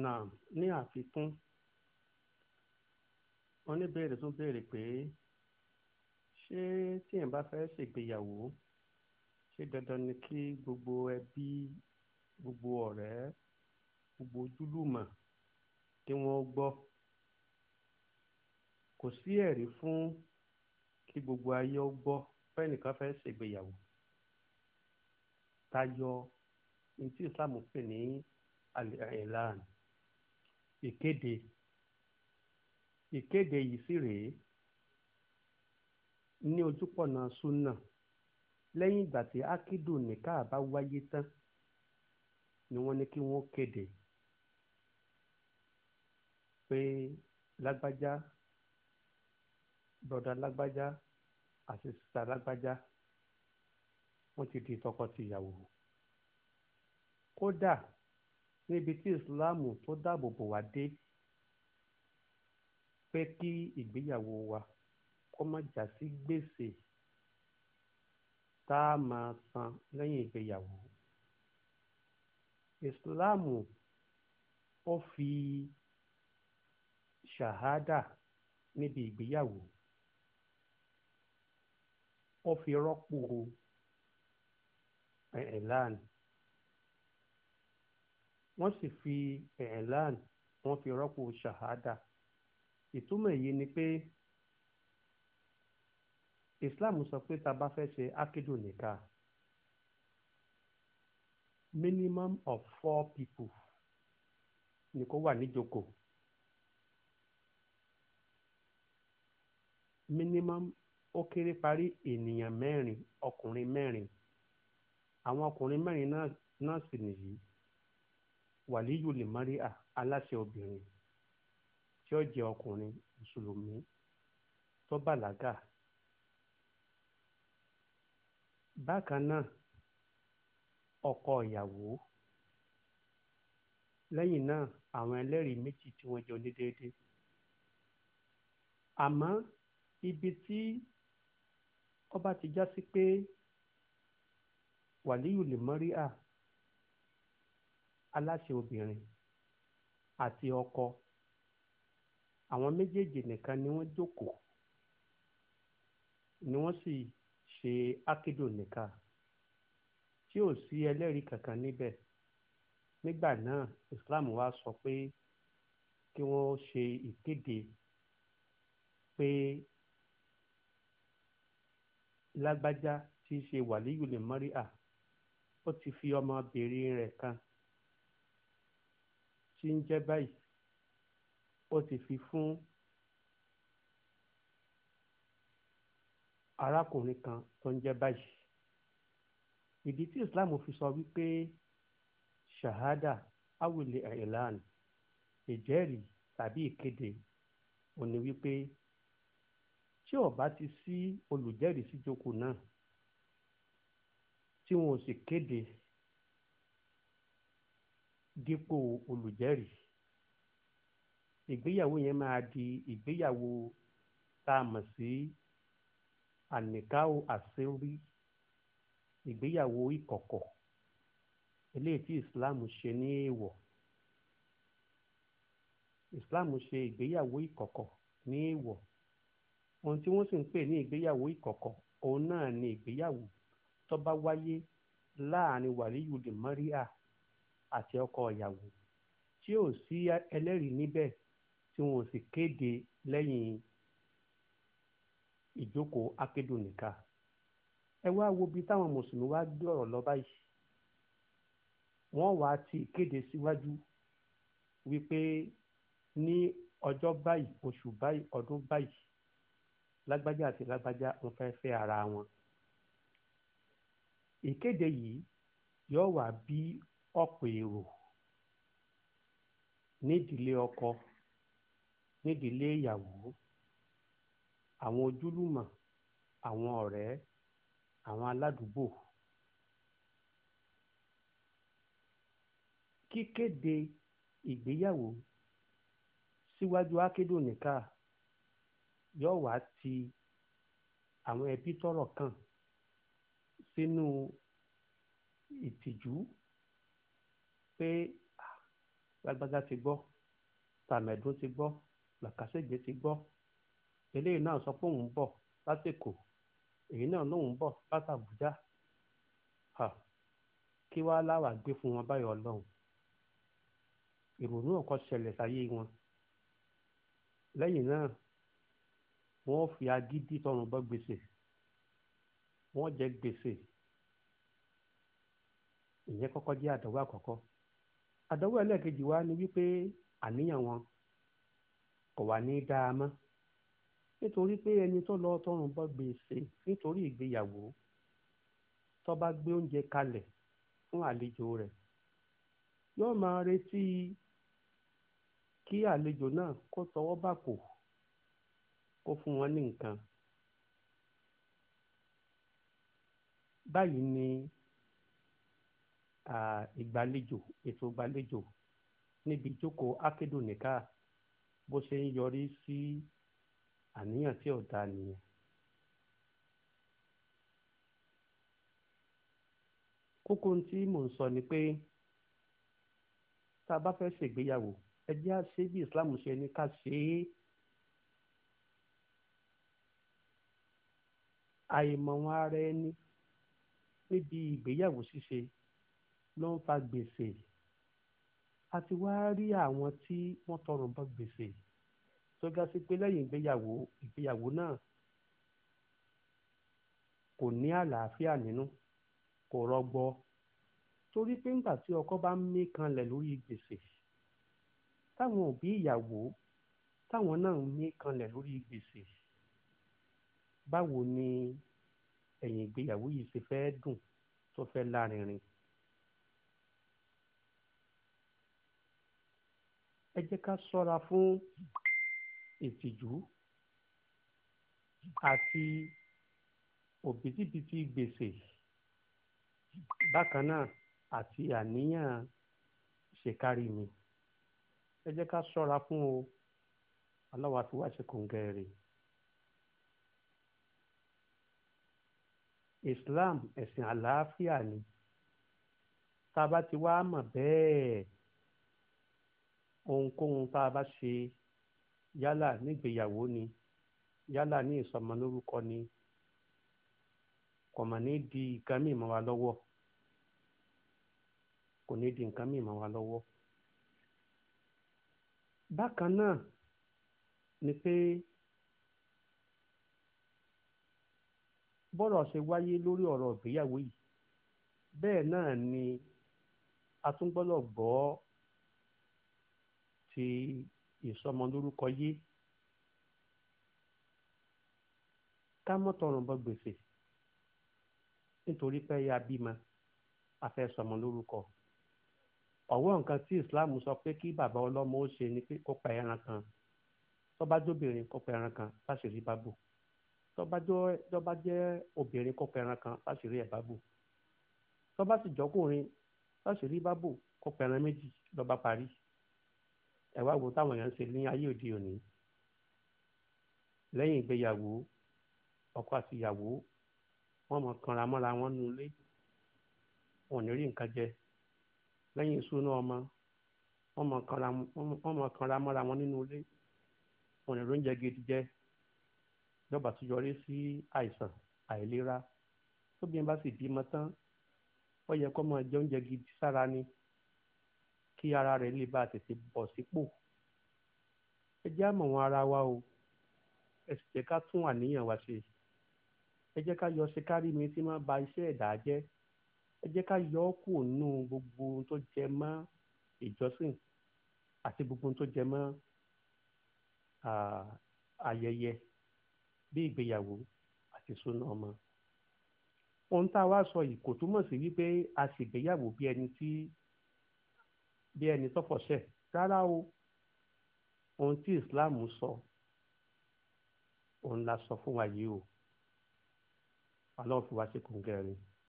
naam ní àfikún oníbèrè tún béèrè pé ṣé tí èèyàn bá fẹ́ ṣègbéyàwó ṣé dandan ni kí gbogbo ẹbí gbogbo ọ̀rẹ́ gbogbo ojúlùmọ̀ tí wọ́n gbọ́ kò sí ẹ̀rí fún kí gbogbo ayé ó gbọ́ fẹ́nìkan fẹ́ ṣègbéyàwó tayọ ní tí Islam pè ní al-i'lan ìkéde ìkéde yìí sì rèé ní ojúpọ̀nà súnà lẹ́yìn ìgbà tí ákídù nìka bá wáyé tán ni wọ́n ní kí wọ́n kéde pé lágbájá bọ̀dá lágbájá àti sísá lágbájá wọ́n ti di tọkọ-tìyàwó kódà níbi tí ìsìláàmù tó dáàbò bò wá dé pé kí ìgbéyàwó wa kó má já sí gbèsè tá a máa san lẹ́yìn ìgbéyàwó. ìsìláàmù ó fi ṣàhádà níbi ìgbéyàwó ó fi rọ́pò ẹ̀ẹ́lánì wọ́n sì fi ẹ̀ẹ́lán wọ́n fi rọ́pò ṣàhádà ìtumọ̀ èyí ni pé Islam sọ pé tá bá fẹ́ ṣe akidu nìka minimum of four people ni kó wà níjókòó minimum ó kéré parí ènìyàn mẹ́rin ọkùnrin mẹ́rin àwọn ọkùnrin mẹ́rin náà sì nìyí wàlíyù lè mari à aláṣẹ obìnrin tí ó jẹ́ ọkùnrin mùsùlùmí tó bàlágà bákan náà ọkọ ìyàwó lẹ́yìn náà àwọn ẹlẹ́rìí méjì tí wọ́n jọ ní déédéé àmọ́ ibi tí ọba ti já sí pé wàlíyù lè mari à aláṣẹ obìnrin àti ọkọ àwọn méjèèjì nìkan ni wọ́n jókòó ni wọ́n sì ṣe ákédò nìkan tí ò sí ẹlẹ́rìí kankan níbẹ̀ nígbà náà Islam wa sọ pé kí wọ́n ṣe ìkéde pé lágbájá tí í ṣe wàlíyù lè mọ́ríà ó ti fi ọmọbìnrin rẹ̀ kan tí ń jẹ́ báyìí ó ti fi fún arákùnrin kan tó ń jẹ́ báyìí ìdí tí Islam fi sọ wípé shahada awele ẹ̀ẹ́lán ìjẹ́rìí tàbí ìkéde ó ní wípé tí ó bá ti sí olùjẹ́rìí sí jókòó náà tí wọn ò sì kéde dípò olùjẹ́rìí ìgbéyàwó yẹn máa di ìgbéyàwó tá a mọ̀ sí àníkáwò àṣírí ìgbéyàwó ìkọ̀kọ̀ eléyìí tí Islam ṣe ní èèwọ̀ Islam ṣe ìgbéyàwó ìkọ̀kọ̀ ní èèwọ̀ ohun tí wọ́n sì ń pè ní ìgbéyàwó ìkọ̀kọ̀ òun náà ni ìgbéyàwó tó bá wáyé láàrin wàlíyù Maria àti ọkọ ìyàwó tí ò sí ẹlẹ́rìí níbẹ̀ tí wọn ò sì kéde lẹ́yìn ìjókòó akédùn nìka ẹ wá wo bí táwọn mùsùlùmí wá gbé ọ̀rọ̀ lọ báyìí wọ́n wá ti kéde síwájú wípé ní ọjọ́ báyìí oṣù báyìí ọdún báyìí lágbájá àti lágbájá wọ́n fẹ́ fẹ́ ara wọn. ìkéde yìí yóò wá bí ọ̀pọ̀ èrò nídìílé ọkọ nídìílé ìyàwó àwọn ojúlùmọ̀ àwọn ọ̀rẹ́ àwọn aládùúgbò kíkéde ìgbéyàwó síwájú akédò nìka yóò wá ti àwọn ẹbí tọ́rọ̀ kàn sínú ìtìjú. E pé gbàgbàgbà ti gbọ́ tàmẹ̀dó ti gbọ́ làkàṣègbè ti gbọ́ eléyìí náà sọ pé òun bọ̀ lásìkò èyí náà lòun bọ̀ látàbújá kí wàá láwà gbé fún wọn báyọ̀ ọlọ́run ìrònú ọ̀kọ́ ṣẹlẹ̀ sáyé wọn lẹ́yìn náà wọ́n fi agídí tọrùn bọ́ gbèsè wọ́n jẹ gbèsè ìyẹn kọ́kọ́ jẹ́ àdánwò àkọ́kọ́ àdánwò ẹlẹ́ẹ̀kejì wa ni wípé àníyàn wọn kò wá ní dáa mọ́ nítorí pé ẹni tó lọ tọrùn bọ gbèsè nítorí ìgbéyàwó tó bá gbé oúnjẹ kalẹ̀ fún àlejò rẹ̀ yóò máa retí kí àlejò náà kó tọwọ́ bàpò kó fún wọn ní nǹkan báyìí ni ìgbàlejò ètò ìgbàlejò níbi ìjókòó akédò nìka bó ṣe ń yọrí sí àníyàn tí ọ̀dà nìyẹn. kókó tí mò ń sọ ni pé tá a bá fẹ́ ṣègbéyàwó á ṣe bí Islam ṣe ní ká ṣe é. àìmọ̀ wọn ara ẹni níbi ìgbéyàwó ṣíṣe ló ń fa gbèsè a ti wá rí àwọn tí wọ́n tọrùn bọ gbèsè tó ga sí pé lẹ́yìn ìgbéyàwó ìgbéyàwó náà kò ní àlàáfíà nínú kò rọgbọ torí pé ńgbà tí ọkọ bá ń mí kanlẹ̀ lórí gbèsè táwọn òbí ìyàwó táwọn náà ń mí kanlẹ̀ lórí gbèsè báwo ni ẹ̀yìn ìgbéyàwó yìí ṣe fẹ́ dùn tó fẹ́ lárinrin ẹ jẹ́ ká ṣọ́ra fún ìtìjú àti òbítíbitì gbèsè bákan náà àti àníyàn ṣèkárí mi ẹ jẹ́ ká ṣọ́ra fún o aláwa fi wá ṣe kòǹgẹ́ rẹ̀. Islam ẹ̀sìn àlàáfíà ni tá a bá ti wá mọ̀ bẹ́ẹ̀ ohunkóhun tá a bá ṣe yálà nígbéyàwó ni yálà ní ìsọmọlórúkọ ni kò mà ní di nǹkan míì mọ́ wa lọ́wọ́ kò ní di nǹkan míì mọ́ wa lọ́wọ́. bákan náà ni pé bọ́rọ̀ ṣe wáyé lórí ọ̀rọ̀ ìgbéyàwó yìí bẹ́ẹ̀ náà ni a gbọ́ àti ìsọmọlórúkọ yé ká mọ́ tọrùn bọ gbèsè nítorí pé ya bímọ a fẹ́ sọmọ lórúkọ ọ̀wọ́ nǹkan tí Islam sọ pé kí bàbá ọlọ́mọ ó ṣe ni pé kó pa ẹran kan tó bá jóbìnrin kó pa ẹran kan láṣìírí bá bò tó bá jẹ́ obìnrin kó pa ẹran kan láṣìírí ẹ̀ bá bò tó bá sì jọ́kùnrin láṣìírí bá bò kó pa ẹran méjì ló parí ẹ wá wo táwọn èèyàn ṣe ní ayé òde òní lẹ́yìn ìgbéyàwó ọkọ àti ìyàwó wọ́n mọ̀ kanra mọ́ra wọn nínú ilé wọn ò ní rí nǹkan jẹ lẹ́yìn ìṣúná ọmọ wọ́n mọ̀ kanra mọ́ra wọn nínú ilé wọn ò ní róúnjẹ gidi jẹ lọ́ba tó yọrí sí àìsàn àìlera tóbi bá sì bímọ tán ó yẹ kó máa jẹ oúnjẹ gidi sára ni kí ara rẹ̀ lè bá tètè bọ̀ sípò ẹ jẹ́ àmọ̀ wọn ara wa o ẹ sì jẹ́ ká tún àníyàn wa ṣe ẹ jẹ́ ká yọ ṣekárí mi tí máa ba iṣẹ́ ẹ̀dá jẹ́ ẹ jẹ́ ká yọ ọ́ kù nínú gbogbo ohun tó jẹ mọ́ ìjọsìn àti gbogbo ohun tó jẹ mọ́ ayẹyẹ bí ìgbéyàwó àti ìsúná ọmọ ohun tá a wá sọ yìí kò túmọ̀ sí wípé a ṣègbéyàwó bí ẹni tí bí ẹni tọ́fọ̀ṣẹ́ rárá o ohun tí Islam sọ òun la sọ fún wa yìí o Ọlọ́run fi wá sí kòńgẹ́rin.